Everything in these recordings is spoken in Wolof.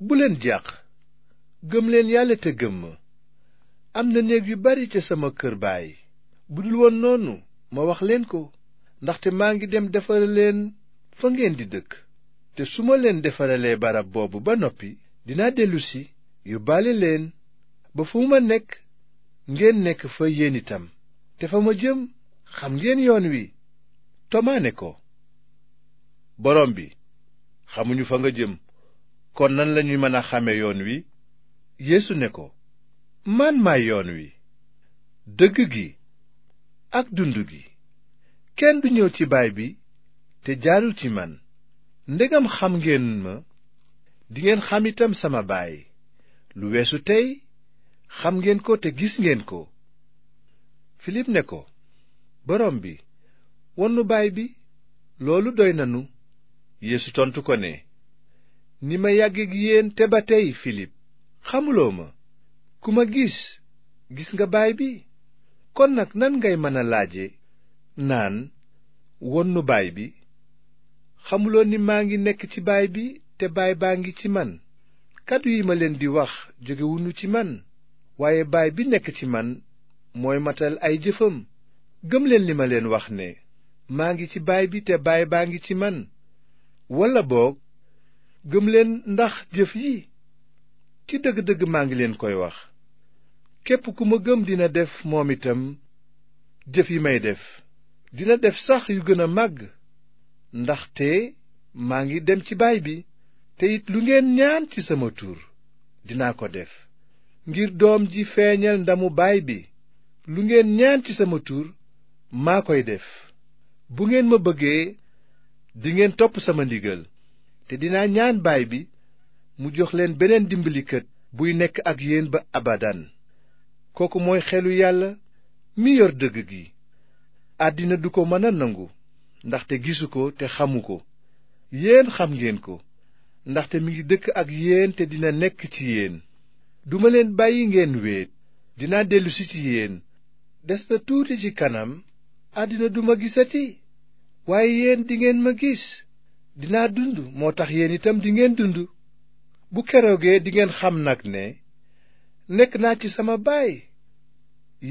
buleen jàq gëm leen yàlla te gëm ma am na néeg yu bari ca sama kër baay bu dul woon noonu ma wax leen ko ndaxte maa ngi dem defaral leen fa ngeen di dëkk te su ma leen defaralee barab boobu ba noppi dinaa dellusi yóbbaale leen ba fu ma nekk ngeen nekk fa yéen itam te fa ma jëm xam ngeen yoon wi tomaane ko borom bi xamuñu fa nga jëm kon nan lañuy mën a xàmme yoon wi yeesu ne ko man maay yoon wi dëgg gi ak dund gi kenn du ñëw ci baay bi te jaarul ci man ndegam xam ngeen ma dingeen xam itam sama baay lu weesu tey xam ngeen ko te gis ngeen ko filip ne ko borom bi wonnu baay bi loolu doy nanu yéesu tontu ko ne ni ma yàggeek yéen te ba tey filip xamuloo ma ku ma gis gis nga baay bi kon nag nan ngay mën a laaje naan won nu baay bi xamuloo ni maa ngi nekk ci baay bi te baay baa ngi ci man kàddu yi ma leen di wax jógewuñu ci man waaye baay bi nekk ci man mooy matal ay jëfam gëmleen li ma leen wax ne maa ngi ci baay bi te baay baa ngi ci man walla boog gëm leen ndax jëf yi ci dëgg-dëgg maa ngi leen koy wax képp ku ma gëm dina def moom itam jëf yi may def dina def sax yu gën a màgg ndaxte maa ngi dem ci baay bi te lu ngeen ñaan ci sama tur dinaa ko def ngir doom ji feeñal ndamu baay bi lu ngeen ñaan ci sama tur maa koy def bu ngeen ma bëggee dingeen topp sama ndigal te dinaa ñaan baay bi mu jox leen beneen dimbalikat buy nekk ak yéen ba abadan kooku mooy xelu yàlla mi yor dëgg gi àddina du ko mën a nangu ndaxte gisu ko te xamu ko yéen xam ngeen ko ndaxte mi ngi dëkk ak yéen te dina nekk ci yéen duma leen bàyyi ngeen wéet dinaa dellusi ci yéen des na tuuti ci kanam àddina duma gisati waaye yéen dingeen ma gis dinaa dund moo tax yéen itam dingeen dund bu keroogee dingeen xam nag ne nekk naa ci sama baay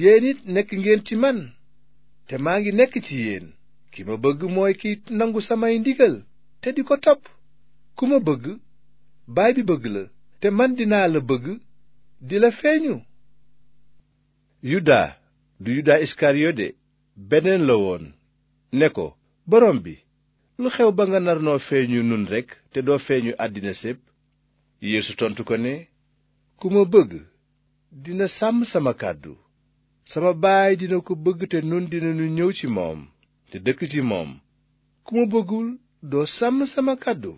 yéen it nekk ngeen ci man te maa ngi nekk ci yéen ki ma bëgg mooy ki nangu samay ndigal te di ko topp ku ma bëgg baay bi bëgg la te man dinaa la bëgg di la feeñu yudaa du yuda iskariyode beneen la woon ne ko borom bi lu xew ba nga nar feeñu nun rekk te doo feeñu àddina sépp yéesu tontu ko ne ku ma bëgg dina sàmm sama kàddu sama baay dina ko bëgg te nun dinañu ñëw ci moom te dëkk ci moom ku ma bëggul doo sàmm sama kàddu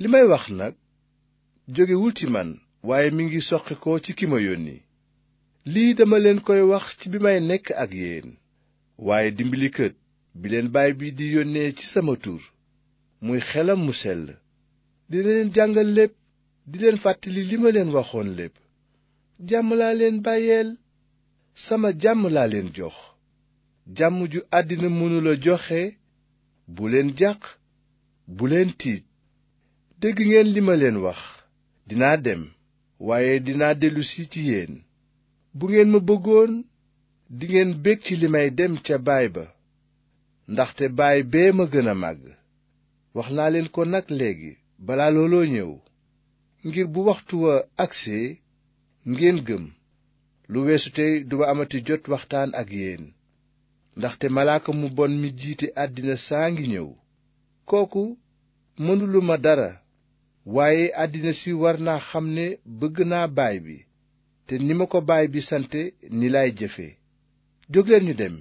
li may wax nag jógewul ci man waaye mi ngi soqi ko ci ki ma yónni lii dama leen koy wax ci bi may nekk ak yéen waaye dimbalikat bi leen baay bi di yónnee ci sama tur muy xelam mu sell dina leen jàngal lépp di leen fàttali li ma leen waxoon lépp jàmm laa leen bàyyeel sama jàmm laa leen jox jàmm ju àddina mënula joxe bu leen jàq bu leen tiit dégg ngeen li ma leen wax dinaa dem waaye dinaa dellusi ci yéen bu ngeen ma bëggoon dingeen bég ci li may dem ca baay ba ndaxte baay bee ma gën a màgg wax naa leen ko nag léegi balaa looloo ñëw ngir bu waxtu wa agsee ngeen gëm lu weesu tey duma amati jot waxtaan ak yéen ndaxte malaaka mu bon mi jiite àddina saa ngi ñëw kooku mënulu ma dara waaye àddina si war naa xam ne bëgg naa baay bi te ni ma ko baay bi sante ni laay jëfe jógleen ñu dem